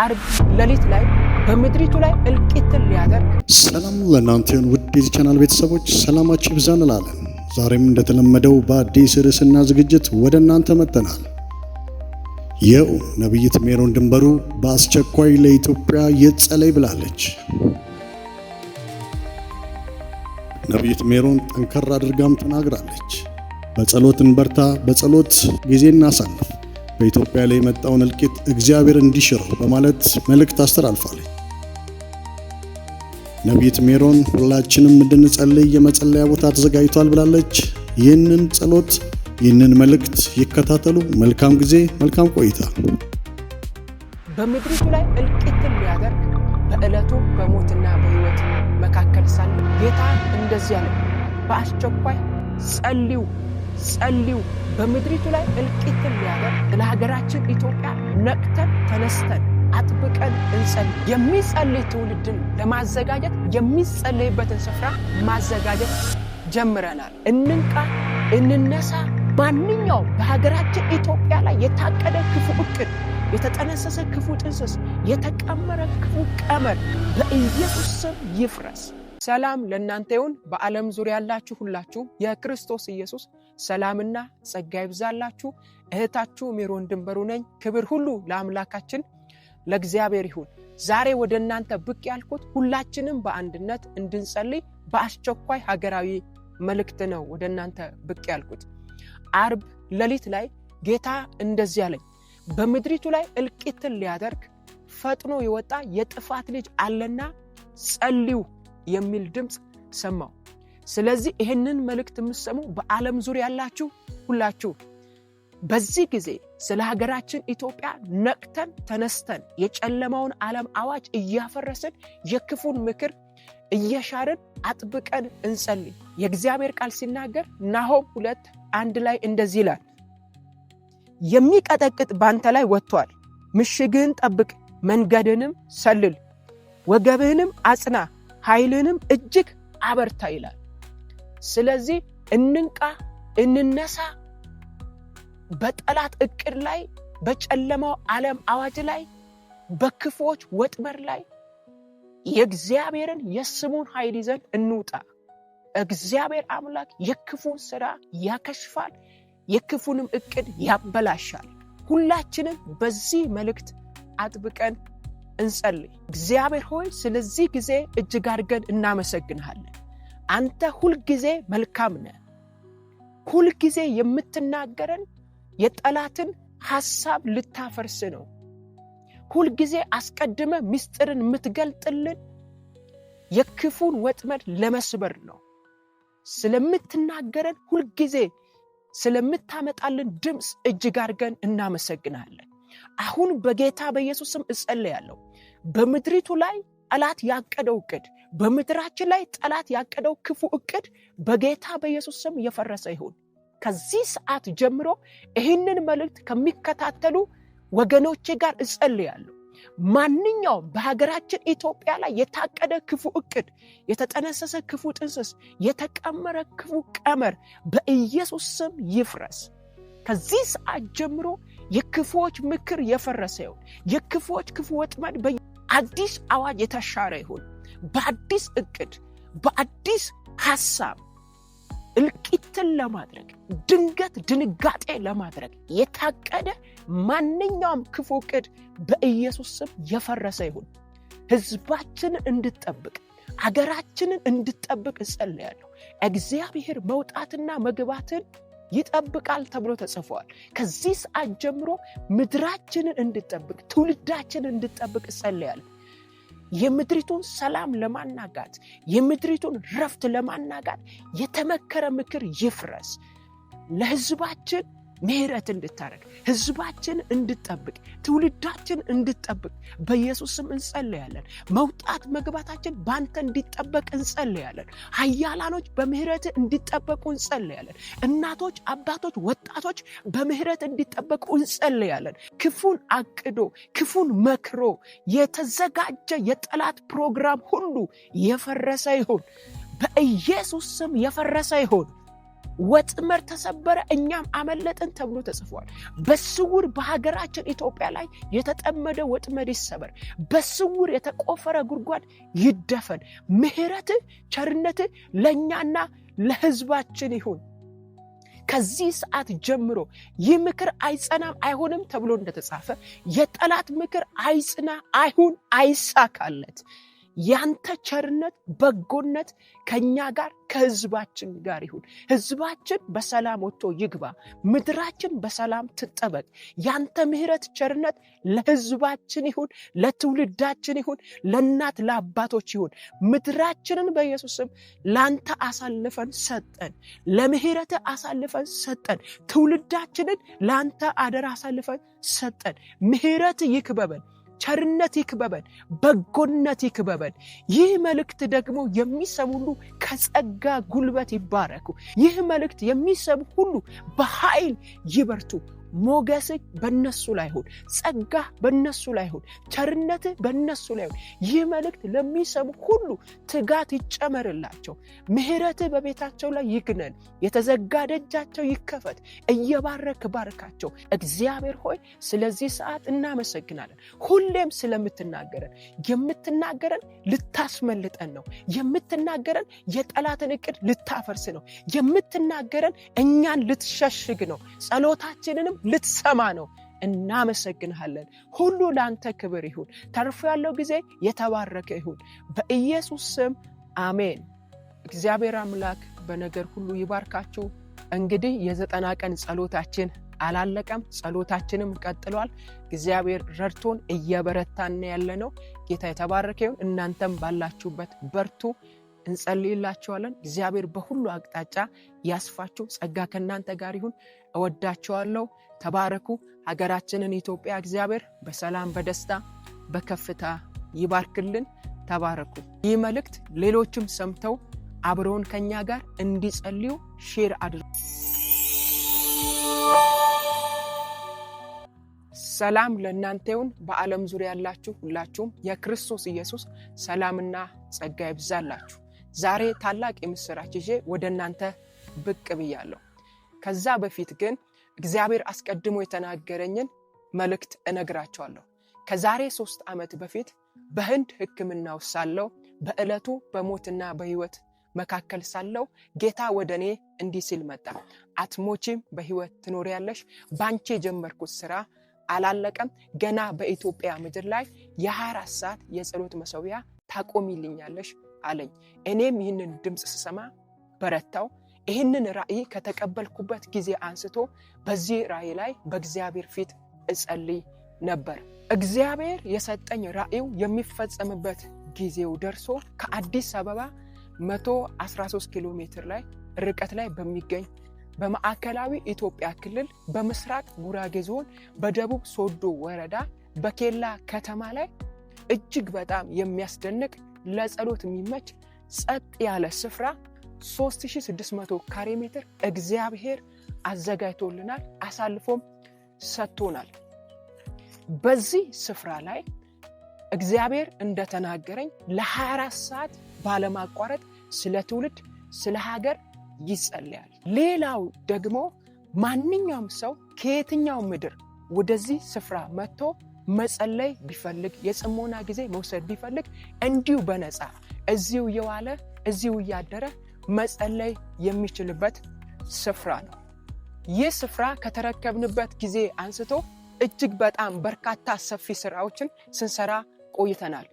አርብ ሌሊት ላይ በምድሪቱ ላይ እልቂትን ሊያደርግ። ሰላም ለእናንተ ይሁን ውድ የዚህ ቻናል ቤተሰቦች፣ ሰላማችሁ ይብዛ እንላለን። ዛሬም እንደተለመደው በአዲስ ርዕስና ዝግጅት ወደ እናንተ መጥተናል። ይኸው ነቢይት ሜሮን ድንበሩ በአስቸኳይ ለኢትዮጵያ ይጸለይ ብላለች። ነቢይት ሜሮን ጠንከር አድርጋም ተናግራለች። በጸሎት እንበርታ፣ በጸሎት ጊዜ እናሳልፍ። በኢትዮጵያ ላይ የመጣውን እልቂት እግዚአብሔር እንዲሽረው በማለት መልእክት አስተላልፋለች። ነቢይት ሜሮን ሁላችንም እንድንጸልይ የመጸለያ ቦታ ተዘጋጅቷል ብላለች። ይህንን ጸሎት፣ ይህንን መልእክት ይከታተሉ። መልካም ጊዜ፣ መልካም ቆይታ። በምድሪቱ ላይ እልቂት ሊያደርግ በዕለቱ በሞትና በሕይወት መካከል ሳለ ጌታ እንደዚህ ያለ በአስቸኳይ ጸልዩ ጸልዩ። በምድሪቱ ላይ እልቂት የሚያደርግ ለሀገራችን ኢትዮጵያ ነቅተን ተነስተን አጥብቀን እንጸል። የሚጸልይ ትውልድን ለማዘጋጀት የሚጸለይበትን ስፍራ ማዘጋጀት ጀምረናል። እንንቃ፣ እንነሳ። ማንኛውም በሀገራችን ኢትዮጵያ ላይ የታቀደ ክፉ እቅድ፣ የተጠነሰሰ ክፉ ጥንስስ፣ የተቀመረ ክፉ ቀመር በኢየሱስ ስም ይፍረስ። ሰላም ለእናንተ ይሁን። በዓለም ዙሪያ ያላችሁ ሁላችሁ የክርስቶስ ኢየሱስ ሰላምና ጸጋ ይብዛላችሁ። እህታችሁ ሜሮን ድንበሩ ነኝ። ክብር ሁሉ ለአምላካችን ለእግዚአብሔር ይሁን። ዛሬ ወደ እናንተ ብቅ ያልኩት ሁላችንም በአንድነት እንድንጸልይ በአስቸኳይ ሀገራዊ መልእክት ነው። ወደ እናንተ ብቅ ያልኩት አርብ ሌሊት ላይ ጌታ እንደዚህ አለኝ፣ በምድሪቱ ላይ እልቂትን ሊያደርግ ፈጥኖ የወጣ የጥፋት ልጅ አለና ጸልዩ የሚል ድምፅ ሰማው። ስለዚህ ይህንን መልእክት የምትሰሙ በዓለም ዙሪያ ያላችሁ ሁላችሁ በዚህ ጊዜ ስለ ሀገራችን ኢትዮጵያ ነቅተን ተነስተን የጨለማውን ዓለም አዋጅ እያፈረስን የክፉን ምክር እየሻርን አጥብቀን እንጸልይ። የእግዚአብሔር ቃል ሲናገር ናሆም ሁለት አንድ ላይ እንደዚህ ይላል፣ የሚቀጠቅጥ ባንተ ላይ ወጥቷል። ምሽግህን ጠብቅ፣ መንገድንም ሰልል፣ ወገብህንም አጽና፣ ኃይልንም እጅግ አበርታ ይላል። ስለዚህ እንንቃ፣ እንነሳ። በጠላት እቅድ ላይ፣ በጨለማው ዓለም አዋጅ ላይ፣ በክፉዎች ወጥመድ ላይ የእግዚአብሔርን የስሙን ኃይል ይዘን እንውጣ። እግዚአብሔር አምላክ የክፉን ስራ ያከሽፋል፣ የክፉንም እቅድ ያበላሻል። ሁላችንም በዚህ መልእክት አጥብቀን እንጸልይ። እግዚአብሔር ሆይ ስለዚህ ጊዜ እጅግ አድርገን እናመሰግንሃለን። አንተ ሁልጊዜ መልካም ነህ። ሁልጊዜ የምትናገረን የጠላትን ሐሳብ ልታፈርስ ነው። ሁልጊዜ አስቀድመ ምስጢርን የምትገልጥልን የክፉን ወጥመድ ለመስበር ነው። ስለምትናገረን ሁልጊዜ ስለምታመጣልን ድምፅ እጅግ አድርገን እናመሰግናለን። አሁን በጌታ በኢየሱስም እጸልያለሁ። በምድሪቱ ላይ ጠላት ያቀደው እቅድ፣ በምድራችን ላይ ጠላት ያቀደው ክፉ እቅድ በጌታ በኢየሱስ ስም የፈረሰ ይሁን። ከዚህ ሰዓት ጀምሮ ይህንን መልእክት ከሚከታተሉ ወገኖቼ ጋር እጸልያለሁ። ማንኛውም በሀገራችን ኢትዮጵያ ላይ የታቀደ ክፉ እቅድ፣ የተጠነሰሰ ክፉ ጥንስስ፣ የተቀመረ ክፉ ቀመር በኢየሱስ ስም ይፍረስ። ከዚህ ሰዓት ጀምሮ የክፉዎች ምክር የፈረሰ ይሁን። የክፉዎች ክፉ ወጥመድ አዲስ አዋጅ የተሻረ ይሁን። በአዲስ እቅድ፣ በአዲስ ሀሳብ እልቂትን ለማድረግ ድንገት ድንጋጤ ለማድረግ የታቀደ ማንኛውም ክፉ እቅድ በኢየሱስ ስም የፈረሰ ይሁን። ህዝባችንን እንድትጠብቅ አገራችንን እንድጠብቅ እጸልያለሁ። እግዚአብሔር መውጣትና መግባትን ይጠብቃል ተብሎ ተጽፏል። ከዚህ ሰዓት ጀምሮ ምድራችንን እንድጠብቅ ትውልዳችንን እንድጠብቅ እጸልያለሁ። የምድሪቱን ሰላም ለማናጋት የምድሪቱን ረፍት ለማናጋት የተመከረ ምክር ይፍረስ ለህዝባችን ምህረት እንድታደረግ ህዝባችን እንድጠብቅ ትውልዳችን እንድጠብቅ በኢየሱስ ስም እንጸለያለን። መውጣት መግባታችን በአንተ እንዲጠበቅ እንጸለያለን። ኃያላኖች በምህረት እንዲጠበቁ እንጸለያለን። እናቶች፣ አባቶች፣ ወጣቶች በምህረት እንዲጠበቁ እንጸለያለን። ክፉን አቅዶ ክፉን መክሮ የተዘጋጀ የጠላት ፕሮግራም ሁሉ የፈረሰ ይሁን በኢየሱስ ስም የፈረሰ ይሁን። ወጥመር ተሰበረ፣ እኛም አመለጥን ተብሎ ተጽፏል። በስውር በሀገራችን ኢትዮጵያ ላይ የተጠመደ ወጥመድ ይሰበር፣ በስውር የተቆፈረ ጉድጓድ ይደፈን። ምሕረትህ ቸርነት ለእኛና ለህዝባችን ይሁን። ከዚህ ሰዓት ጀምሮ ይህ ምክር አይጸናም አይሆንም ተብሎ እንደተጻፈ የጠላት ምክር አይጽና አይሁን አይሳካለት። ያንተ ቸርነት፣ በጎነት ከእኛ ጋር ከህዝባችን ጋር ይሁን። ህዝባችን በሰላም ወጥቶ ይግባ። ምድራችን በሰላም ትጠበቅ። ያንተ ምህረት ቸርነት ለህዝባችን ይሁን፣ ለትውልዳችን ይሁን፣ ለእናት ለአባቶች ይሁን። ምድራችንን በኢየሱስም ለአንተ አሳልፈን ሰጠን፣ ለምህረት አሳልፈን ሰጠን። ትውልዳችንን ለአንተ አደር አሳልፈን ሰጠን። ምህረት ይክበበን። ቸርነት ይክበበን፣ በጎነት ይክበበን። ይህ መልእክት ደግሞ የሚሰሙ ሁሉ ከጸጋ ጉልበት ይባረኩ። ይህ መልእክት የሚሰሙ ሁሉ በኃይል ይበርቱ። ሞገስህ በነሱ ላይ ሁን፣ ጸጋህ በነሱ ላይ ሁን፣ ቸርነትህ በነሱ ላይ ሁን። ይህ መልእክት ለሚሰሙ ሁሉ ትጋት ይጨመርላቸው። ምሕረትህ በቤታቸው ላይ ይግነን፣ የተዘጋ ደጃቸው ይከፈት። እየባረክ ባርካቸው። እግዚአብሔር ሆይ ስለዚህ ሰዓት እናመሰግናለን። ሁሌም ስለምትናገረን የምትናገረን ልታስመልጠን ነው። የምትናገረን የጠላትን እቅድ ልታፈርስ ነው። የምትናገረን እኛን ልትሸሽግ ነው። ጸሎታችንንም ልትሰማ ነው። እናመሰግንሃለን። ሁሉ ለአንተ ክብር ይሁን። ተርፎ ያለው ጊዜ የተባረከ ይሁን። በኢየሱስ ስም አሜን። እግዚአብሔር አምላክ በነገር ሁሉ ይባርካችሁ። እንግዲህ የዘጠና ቀን ጸሎታችን አላለቀም። ጸሎታችንም ቀጥሏል። እግዚአብሔር ረድቶን እየበረታን ያለ ነው። ጌታ የተባረከ ይሁን። እናንተም ባላችሁበት በርቱ። እንጸልይላችኋለን። እግዚአብሔር በሁሉ አቅጣጫ ያስፋችሁ። ጸጋ ከእናንተ ጋር ይሁን። እወዳችኋለሁ። ተባረኩ። ሀገራችንን ኢትዮጵያ እግዚአብሔር በሰላም በደስታ በከፍታ ይባርክልን። ተባረኩ። ይህ መልእክት ሌሎችም ሰምተው አብረውን ከኛ ጋር እንዲጸልዩ ሼር አድርጉ። ሰላም ለእናንተ ይሁን። በዓለም ዙሪያ ያላችሁ ሁላችሁም የክርስቶስ ኢየሱስ ሰላምና ጸጋ ይብዛላችሁ። ዛሬ ታላቅ የምስራች ይዤ ወደ እናንተ ብቅ ብያለሁ። ከዛ በፊት ግን እግዚአብሔር አስቀድሞ የተናገረኝን መልእክት እነግራቸዋለሁ። ከዛሬ ሶስት ዓመት በፊት በህንድ ሕክምናው ሳለው በዕለቱ በሞትና በህይወት መካከል ሳለው ጌታ ወደ እኔ እንዲህ ሲል መጣ። አትሞቺም፣ በህይወት ትኖሪያለሽ። ባንቺ የጀመርኩት ስራ አላለቀም። ገና በኢትዮጵያ ምድር ላይ የ24 ሰዓት የጸሎት መሰዊያ ታቆሚልኛለሽ አለኝ። እኔም ይህንን ድምፅ ስሰማ በረታው። ይህንን ራእይ ከተቀበልኩበት ጊዜ አንስቶ በዚህ ራእይ ላይ በእግዚአብሔር ፊት እጸልይ ነበር። እግዚአብሔር የሰጠኝ ራእዩ የሚፈጸምበት ጊዜው ደርሶ ከአዲስ አበባ 113 ኪሎ ሜትር ላይ ርቀት ላይ በሚገኝ በማዕከላዊ ኢትዮጵያ ክልል በምስራቅ ጉራጌ ዞን በደቡብ ሶዶ ወረዳ በኬላ ከተማ ላይ እጅግ በጣም የሚያስደንቅ ለጸሎት የሚመች ጸጥ ያለ ስፍራ 3600 ካሬ ሜትር እግዚአብሔር አዘጋጅቶልናል፣ አሳልፎም ሰጥቶናል። በዚህ ስፍራ ላይ እግዚአብሔር እንደተናገረኝ ለ24 ሰዓት ባለማቋረጥ ስለ ትውልድ፣ ስለ ሀገር ይጸለያል። ሌላው ደግሞ ማንኛውም ሰው ከየትኛው ምድር ወደዚህ ስፍራ መጥቶ መጸለይ ቢፈልግ የጽሞና ጊዜ መውሰድ ቢፈልግ እንዲሁ በነፃ እዚሁ እየዋለ እዚሁ እያደረ መጸለይ የሚችልበት ስፍራ ነው። ይህ ስፍራ ከተረከብንበት ጊዜ አንስቶ እጅግ በጣም በርካታ ሰፊ ስራዎችን ስንሰራ ቆይተናል።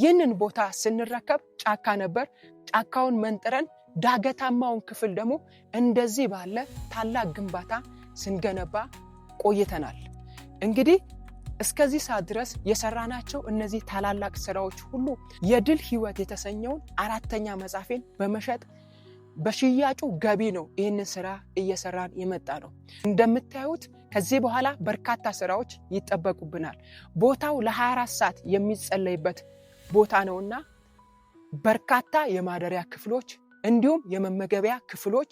ይህንን ቦታ ስንረከብ ጫካ ነበር። ጫካውን መንጥረን ዳገታማውን ክፍል ደግሞ እንደዚህ ባለ ታላቅ ግንባታ ስንገነባ ቆይተናል። እንግዲህ እስከዚህ ሰዓት ድረስ የሰራናቸው እነዚህ ታላላቅ ስራዎች ሁሉ የድል ህይወት የተሰኘውን አራተኛ መጽሐፌን በመሸጥ በሽያጩ ገቢ ነው ይህንን ስራ እየሰራን የመጣ ነው። እንደምታዩት ከዚህ በኋላ በርካታ ስራዎች ይጠበቁብናል። ቦታው ለ24 ሰዓት የሚጸለይበት ቦታ ነውና በርካታ የማደሪያ ክፍሎች እንዲሁም የመመገቢያ ክፍሎች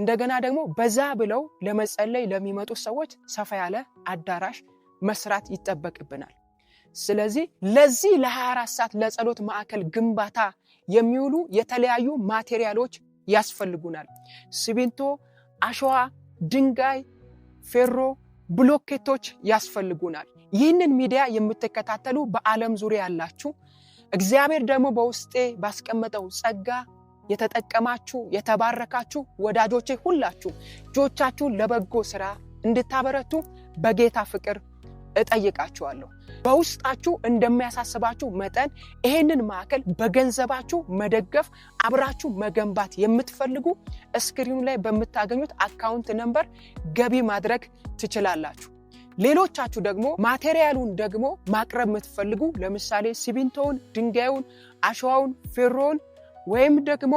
እንደገና ደግሞ በዛ ብለው ለመጸለይ ለሚመጡ ሰዎች ሰፋ ያለ አዳራሽ መስራት ይጠበቅብናል። ስለዚህ ለዚህ ለ24 ሰዓት ለጸሎት ማዕከል ግንባታ የሚውሉ የተለያዩ ማቴሪያሎች ያስፈልጉናል። ሲሚንቶ፣ አሸዋ፣ ድንጋይ፣ ፌሮ፣ ብሎኬቶች ያስፈልጉናል። ይህንን ሚዲያ የምትከታተሉ በዓለም ዙሪያ ያላችሁ እግዚአብሔር ደግሞ በውስጤ ባስቀመጠው ጸጋ የተጠቀማችሁ የተባረካችሁ ወዳጆቼ ሁላችሁ እጆቻችሁን ለበጎ ስራ እንድታበረቱ በጌታ ፍቅር እጠይቃችኋለሁ። በውስጣችሁ እንደሚያሳስባችሁ መጠን ይሄንን ማዕከል በገንዘባችሁ መደገፍ አብራችሁ መገንባት የምትፈልጉ እስክሪኑ ላይ በምታገኙት አካውንት ነንበር ገቢ ማድረግ ትችላላችሁ። ሌሎቻችሁ ደግሞ ማቴሪያሉን ደግሞ ማቅረብ የምትፈልጉ ለምሳሌ ሲሚንቶውን፣ ድንጋዩን፣ አሸዋውን፣ ፌሮውን ወይም ደግሞ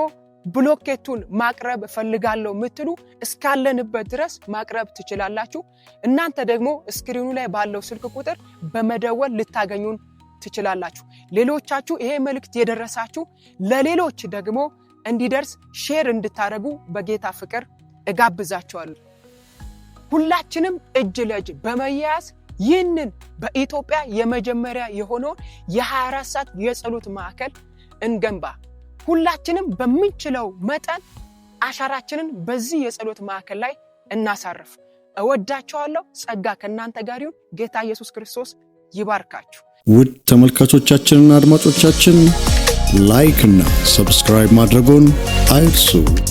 ብሎኬቱን ማቅረብ እፈልጋለሁ የምትሉ እስካለንበት ድረስ ማቅረብ ትችላላችሁ። እናንተ ደግሞ እስክሪኑ ላይ ባለው ስልክ ቁጥር በመደወል ልታገኙን ትችላላችሁ። ሌሎቻችሁ ይሄ መልእክት የደረሳችሁ ለሌሎች ደግሞ እንዲደርስ ሼር እንድታደርጉ በጌታ ፍቅር እጋብዛችኋለሁ። ሁላችንም እጅ ለእጅ በመያያዝ ይህንን በኢትዮጵያ የመጀመሪያ የሆነውን የ24 ሰዓት የጸሎት ማዕከል እንገንባ። ሁላችንም በምንችለው መጠን አሻራችንን በዚህ የጸሎት ማዕከል ላይ እናሳርፍ። እወዳችኋለሁ። ጸጋ ከእናንተ ጋር ይሁን። ጌታ ኢየሱስ ክርስቶስ ይባርካችሁ። ውድ ተመልካቾቻችንና አድማጮቻችን ላይክ እና ሰብስክራይብ ማድረጎን አይርሱ።